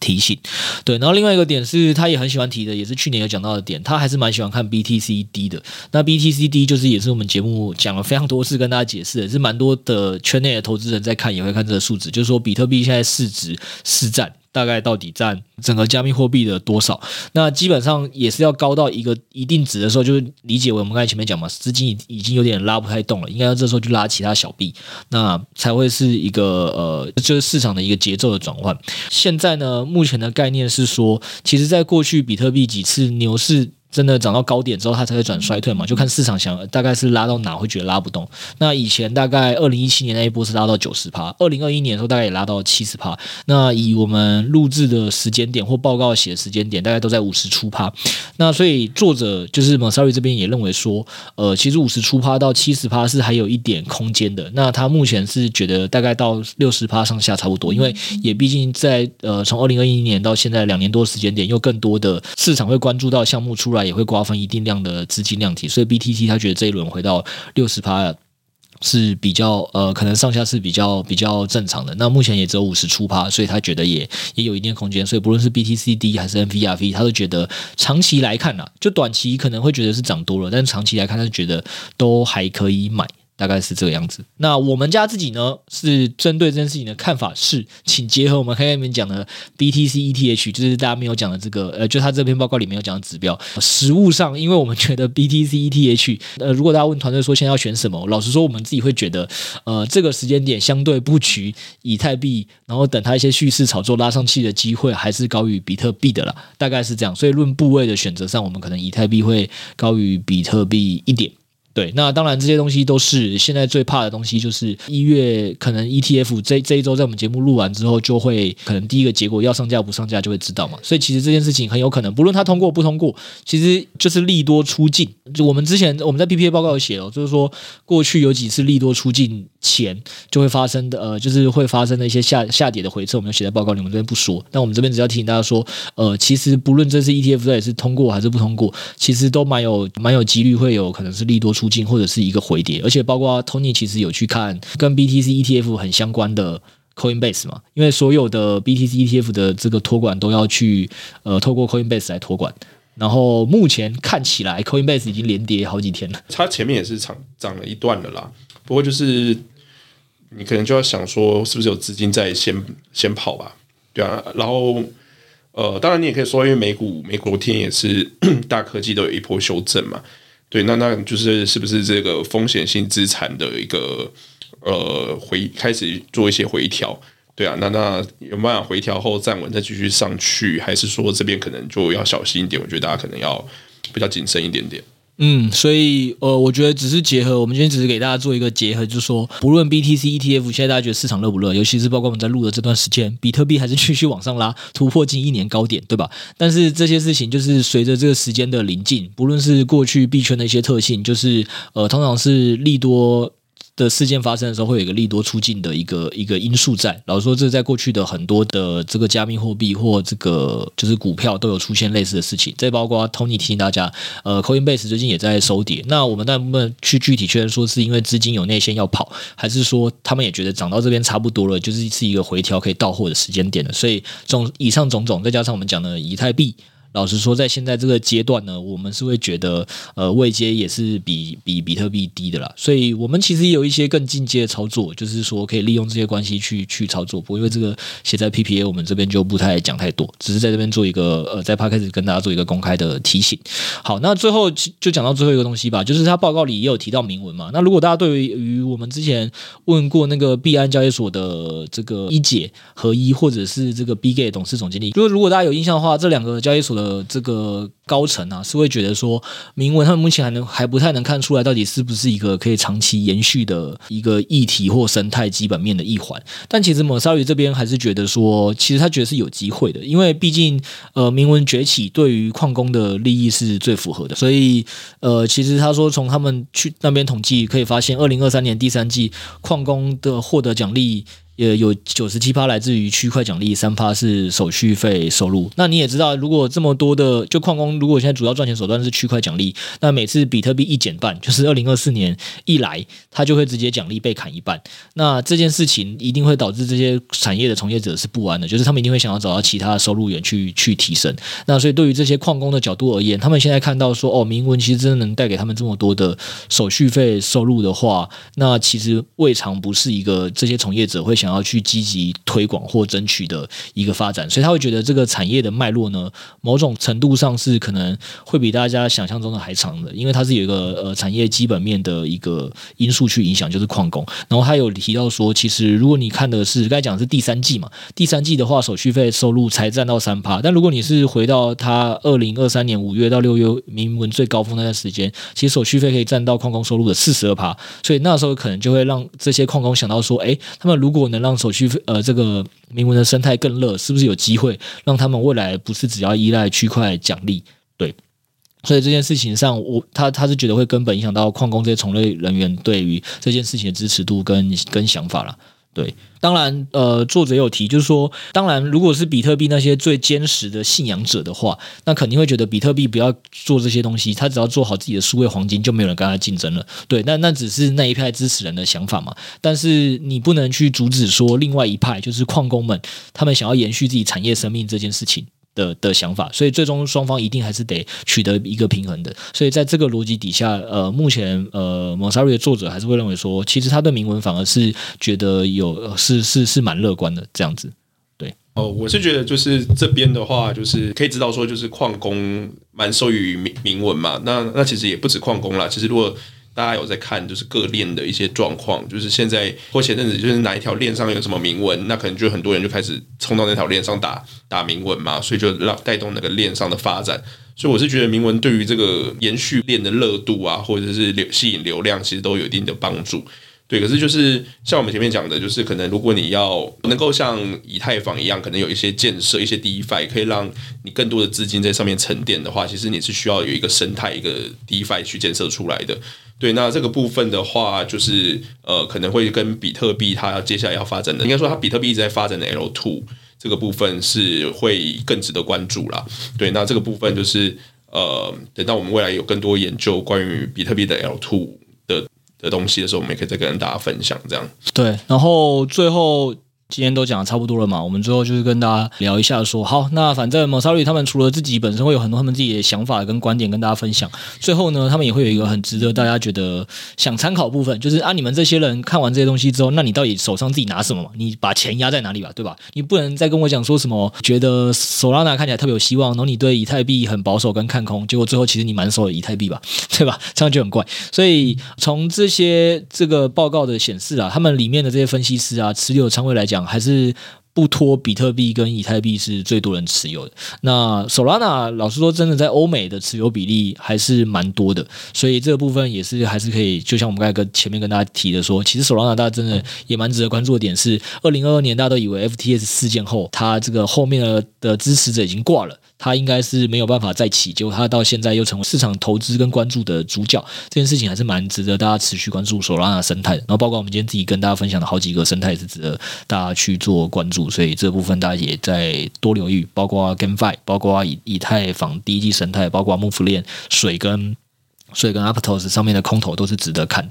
提醒，對，然後另外一個點是他也很喜歡提的，也是去年有講到的點，他還是蠻喜歡看 B T C D 的。那 B T C D 就是也是我們節目講了非常多次，跟大家解釋，也是蠻多的圈內的投資人在看，也會看這個數字，就是說比特幣現在市值市佔。大概到底占整個加密貨幣的多少？那基本上也是要高到一個一定值的時候，就是理解為我們剛才前面講嘛，資金已經，已經有點拉不太動了，應該要這時候去拉其他小幣，那才會是一個呃，就是市場的一個節奏的轉換。現在呢，目前的概念是說，其實在過去比特幣幾次牛市。真的漲到高點之後，它才會轉衰退嘛？就看市場想大概是拉到哪會覺得拉不動。那以前大概二零一七年那一波是拉到九十趴，二零二一年的時候大概也拉到七十趴。那以我們錄制的時間點或報告寫的時間點，大概都在五十出趴。那所以作者就是 Messari 這邊也認為說，呃，其實五十出趴到七十趴是還有一點空間的。那他目前是覺得大概到六十趴上下差不多，因為也畢竟在呃從二零二一年到現在兩年多時間點，又更多的市場會關注到項目出來。也會瓜分一定量的資金量體，所以 BTC 他覺得這一輪回到六十趴是比較呃，可能上下是比較比較正常的。那目前也只有五十出趴，所以他覺得也也有一定空間。所以不論是 BTCD 還是 NVRV 他都覺得長期來看呢、啊，就短期可能會覺得是漲多了，但是長期來看，他覺得都還可以買。大概是這個樣子。那我們家自己呢，是針對這件事情的看法是，請結合我們黑黑講的 BTCETH，就是大家沒有講的這個，呃，就他這篇報告裡面有講的指標。實物上，因為我們覺得 BTCETH，呃，如果大家問團隊說現在要選什麼，老實說，我們自己會覺得，呃，這個時間點相對布局以太幣，然後等它一些敘事炒作拉上去的機會，還是高於比特幣的啦。大概是這樣，所以論部位的選擇上，我們可能以太幣會高於比特幣一點。對，那當然這些東西都是現在最怕的東西，就是一月可能 ETF 這這一周在我們節目錄完之後，就會可能第一個結果要上架不上架就會知道嘛。所以其實這件事情很有可能，不論它通過不通過，其實就是利多出盡。就我們之前我們在 PPA 報告有寫哦，就是說過去有幾次利多出盡錢就會發生的，呃，就是會發生的一些下下跌的回撤，我們就寫在報告裡面，我們這邊不說。但我們這邊只要提醒大家說，呃，其實不論這次 ETF 到底是通過還是不通過，其實都蠻有蠻有幾率會有可能是利多出盡或者是一個回跌，而且包括 Tony 其實有去看跟 BTC ETF 很相關的 Coinbase 嘛，因為所有的 BTC ETF 的這個托管都要去呃透過 Coinbase 來托管，然後目前看起來 Coinbase 已經連跌好幾天了，它前面也是漲，漲了一段的啦。不過就是，你可能就要想說，是不是有資金在先先跑吧，對啊，然後，呃，當然你也可以說，因為美股、美股昨天也是大科技都有一波修正嘛，對，那那就是是不是這個風險性資產的一個呃回開始做一些回調，對啊，那那有沒有辦法回調後站穩再繼續上去，還是說這邊可能就要小心一點？我覺得大家可能要比較謹慎一點點。嗯，所以呃，我覺得只是結合，我們今天只是給大家做一個結合，就是說不論 BTC ETF，現在大家覺得市場熱不熱？尤其是包括我們在錄的這段時間，比特幣還是繼續往上拉，突破近一年高點，對吧？但是這些事情就是隨着這個時間的臨近，不論是過去幣圈的一些特性，就是呃，通常是利多。的事件發生的時候，會有一個利多出盡的一個一個因素在。老實說，這在過去的很多的這個加密貨幣或這個就是股票都有出現類似的事情。再包括 Tony 提醒大家，呃，Coinbase 最近也在收跌。那我們當然不能去具體確認說，是因為資金有內線要跑，還是說他們也覺得漲到這邊差不多了，就是是一,一個回調可以到貨的時間點了。所以，從以上種種，再加上我們講的以太幣。老實說，在現在這個階段呢，我們是會覺得，呃，位階也是比比比特幣低的啦。所以，我們其實也有一些更進階的操作，就是說可以利用這些關係去去操作。不過因為這個寫在 PPA，我們這邊就不太講太多，只是在這邊做一個呃，在趴開始跟大家做一個公開的提醒。好，那最後就講到最後一個東西吧，就是他報告裡也有提到銘文嘛。那如果大家對於我們之前問過那個幣安交易所的這個一姐何一，或者是這個 BGA 董事總經理，就是如果大家有印象的話，這兩個交易所的，呃，這個高層啊，是會覺得說，銘文他們目前還能還不太能看出來，到底是不是一個可以長期延續的一個議題或生態基本面的一環。但其實莫鯊魚這邊還是覺得說，其實他覺得是有機會的，因為畢竟呃，銘文崛起對於礦工的利益是最符合的。所以呃，其實他說從他們去那邊統計可以發現，二零二三年第三季礦工的獲得獎勵。也有九十七趴來自於區塊獎勵，三趴是手續費收入。那你也知道，如果這麼多的就礦工，如果現在主要賺錢手段是區塊獎勵，那每次比特幣一減半，就是二零二四年一來，它就會直接獎勵被砍一半。那這件事情一定會導致這些產業的從業者是不安的，就是他們一定會想要找到其他的收入源去去提升。那所以對於這些礦工的角度而言，他們現在看到說，哦，銘文其實真的能帶給他們這麼多的手續費收入的話，那其實未嘗不是一個這些從業者會想。然後去積極推廣或爭取的一個發展，所以他會覺得這個產業的脈絡呢，某種程度上是可能會比大家想象中的還長的，因為它是有一個呃產業基本面的一個因素去影響，就是礦工。然後他有提到說，其實如果你看的是剛才講的是第三季嘛，第三季的話手續費收入才佔到三趴，但如果你是回到他二零二三年五月到六月銘文最高峰的那段時間，其實手續費可以佔到礦工收入的四十二趴，所以那時候可能就會讓這些礦工想到說，哎，他們如果能。讓手續費呃，這個銘文的生態更熱，是不是有機會讓他們未來不是只要依賴區塊獎勵？對，所以這件事情上，我他他是覺得會根本影響到礦工這些從業人員對於這件事情的支持度跟跟想法了。對，當然，呃，作者也有提，就是說，當然，如果是比特幣那些最堅實的信仰者的話，那肯定會覺得比特幣不要做這些東西，他只要做好自己的數位黃金，就沒有人跟他競爭了。對，那那只是那一派支持人的想法嘛。但是你不能去阻止說另外一派，就是礦工們，他們想要延續自己產業生命這件事情的的想法，所以最終雙方一定還是得取得一個平衡的。所以在這個邏輯底下，呃，目前呃蒙莎瑞的作者還是會認為說，其實他對銘文反而是覺得有是是是蠻樂觀的這樣子。對，哦、呃，我是覺得就是這邊的話，就是可以知道說，就是礦工蠻受益於銘文嘛。那那其實也不止礦工啦，其實如果。大家有在看，就是各鏈的一些狀況，就是現在或前陣子，就是哪一條鏈上有什麼銘文，那可能就很多人就開始衝到那條鏈上打打銘文嘛，所以就讓帶動那個鏈上的發展。所以我是覺得銘文對於這個延續鏈的熱度啊，或者是流吸引流量，其實都有一定的幫助。對，可是就是像我們前面講的，就是可能如果你要能夠像以太坊一樣，可能有一些建設一些 DeFi，可以讓你更多的資金在上面沉澱的話，其實你是需要有一個生態，一個 DeFi 去建設出來的。對，那這個部分的話，就是呃，可能會跟比特幣它要接下來要發展的，應該說它比特幣一直在發展的 L two 這個部分是會更值得關注啦。對，那這個部分就是呃，等到我們未來有更多研究關於比特幣的 L two。的東西的時候，我們也可以再跟大家分享這樣。對，然後最後，今天都講的差不多了嘛，我們最後就是跟大家聊一下說，說好，那反正 Messari 他們除了自己本身會有很多他們自己的想法跟觀點跟大家分享，最後呢，他們也會有一個很值得大家覺得想參考部分，就是啊，你們這些人看完這些東西之後，那你到底手上自己拿什麼嘛？你把錢壓在哪裡吧，對吧？你不能再跟我講說什麼覺得索拉娜看起來特別有希望，然後你對以太幣很保守跟看空，結果最後其實你滿手的以太幣吧，對吧？這樣就很怪。所以從這些這個報告的顯示啊，他們裡面的這些分析師啊持有的倉位來講。還是不拖，比特幣跟以太幣是最多人持有的。那 Solana 老實說，真的在歐美的持有比例還是蠻多的，所以這個部分也是還是可以。就像我們剛才跟前面跟大家提的說，其實 Solana 大家真的也蠻值得關注的點是，二零二二年大家都以為 FTX 事件後，它這個後面的的支持者已經掛了。它應該是沒有辦法再起，就它到現在又成為市場投資跟關注的主角，這件事情還是蠻值得大家持續關注索拉納生態的。然後包括我們今天自己跟大家分享的好幾個生態也是值得大家去做關注，所以這部分大家也在多留意，包括 GameFi，包括以以太坊第一季生態，包括 Move 鏈水跟水跟 Aptos 上面的空投都是值得看。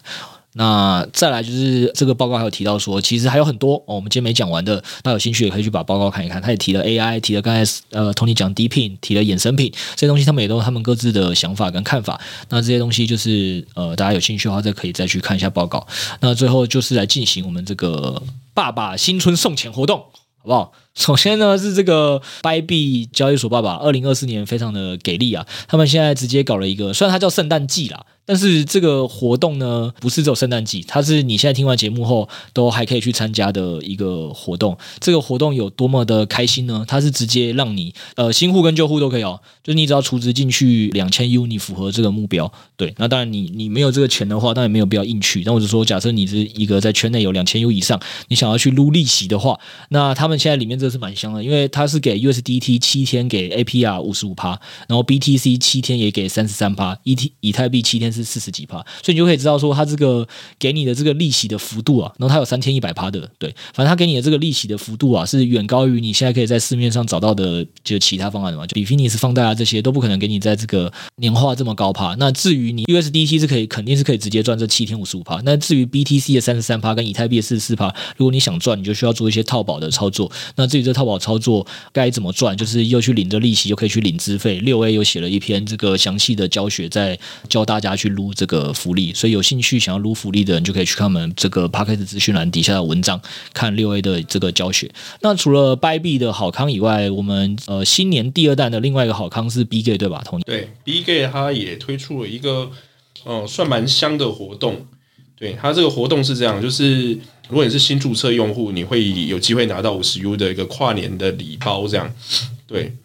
那再來就是這個報告，還有提到說，其實還有很多哦，我們今天沒講完的，大家有興趣也可以去把報告看一看。他也提了 AI，提了剛才呃 Tony 講 DePIN，提了衍生品這些東西，他們也都他們各自的想法跟看法。那這些東西就是呃，大家有興趣的話，再可以再去看一下報告。那最後就是來進行我們這個爸爸新春送錢活動，好不好？首先呢，是這個 Bybit 交易所爸爸，二零二四年非常的給力啊！他們現在直接搞了一個，雖然它叫聖誕季啦，但是這個活動呢不是只有聖誕季，它是你現在聽完節目後都還可以去參加的一個活動。這個活動有多麼的開心呢？它是直接讓你呃新戶跟舊戶都可以哦，就是你只要出資進去兩千 U，你符合這個目標，對。那當然你你沒有這個錢的話，當然也沒有必要硬去。那或者說假設你是一個在圈內有兩千 U 以上，你想要去擼利息的話，那他們現在裡面這個就是蠻香的，因為它是給 USDT 七天給 APR 五十五趴，然後 BTC 七天也給三十三趴，ET 以太幣七天是四十幾趴，所以你就可以知道說它這個給你的這個利息的幅度啊，然後它有三天一百趴的，對，反正它給你的這個利息的幅度啊是遠高於你現在可以在市面上找到的就其他方案的嘛，就比 Finis 放貸啊這些都不可能給你在這個年化這麼高趴。那至於你 USDT 是可以肯定是可以直接賺這七天五十五趴，那至於 BTC 的三十三趴跟以太幣的四十四趴，如果你想賺，你就需要做一些套保的操作，那這個。所以這淘寶操作該怎麼賺？就是又去領着利息，又可以去領資費。六 A 又寫了一篇這個詳細的教學，在教大家去擼這個福利。所以有興趣想要擼福利的人，就可以去看我們這個 Podcast 資訊欄底下的文章，看六 A 的這個教學。那除了 Bybit 的好康以外，我們呃新年第二彈的另外一個好康是 BG 對吧？同對 BG 它也推出了一個，嗯，算蠻香的活動。對，它這個活動是這樣，就是如果你是新註冊用戶，你會有機會拿到五十 U 的一個跨年的禮包，這樣。對，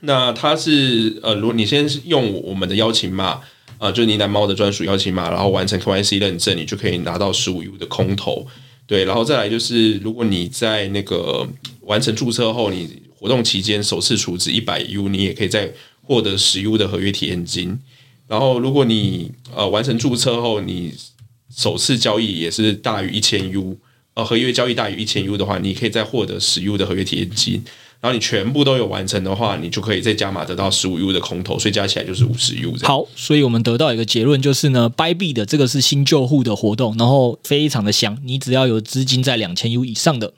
那它是呃，如果你先用我們的邀請碼，啊、呃，就是呢喃貓的專屬邀請碼，然後完成 KYC 認證，你就可以拿到十五 U 的空投。對，然後再來就是，如果你在那個完成註冊後，你活動期間首次儲值一百 U，你也可以再獲得十 U 的合約體驗金。然後，如果你呃完成註冊後，你首次交易也是大於一千 u，呃，合約交易大於一千 u 的話，你可以再獲得十 u 的合約體驗金。然後你全部都有完成的話，你就可以再加碼得到十五 u 的空投，所以加起來就是五十 u。好，所以我們得到一個結論就是呢，掰幣的這個是新舊戶的活動，然後非常的香。你只要有資金在兩千 u 以上的。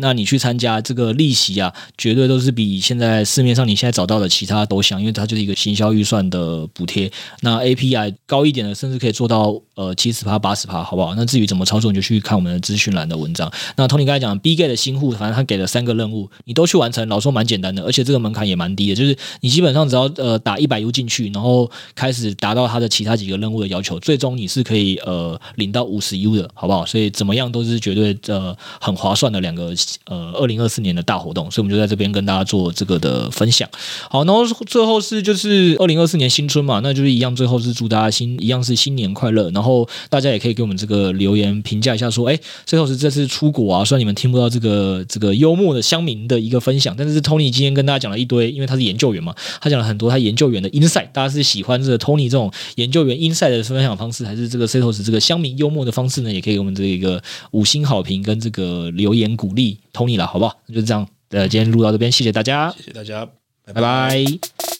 那你去參加這個利息啊，絕對都是比現在市面上你現在找到的其他都香，因為它就是一個行銷預算的補貼。那 API 高一點的，甚至可以做到呃七十趴八十趴，好不好？那至於怎麼操作，你就去看我們的資訊欄的文章。那同理剛才講，BG 的新戶，反正他給了三個任務，你都去完成，老實說蠻簡單的，而且這個門檻也蠻低的，就是你基本上只要呃打一百 U 進去，然後開始達到他的其他幾個任務的要求，最終你是可以呃領到五十 U 的，好不好？所以怎麼樣都是絕對呃很划算的兩個。呃，二零二四年的大活動，所以我們就在這邊跟大家做這個的分享。好，然後最後是就是二零二四年新春嘛，那就是一樣，最後是祝大家新一樣是新年快樂。然後大家也可以給我們這個留言評價一下說，說誒 C 頭是這次出國啊，雖然你們聽不到這個這個幽默的鄉民的一個分享，但是 Tony 今天跟大家講了一堆，因為他是研究員嘛，他講了很多他研究員的 insight。大家是喜歡這個 Tony 這種研究員 insight 的分享的方式，還是這個 C 頭是這個鄉民幽默的方式呢？也可以給我們這個一個五星好評跟這個留言鼓勵。同意了，好不好？那就是這樣的，呃，今天錄到這邊，謝謝大家，謝謝大家，拜拜，拜拜。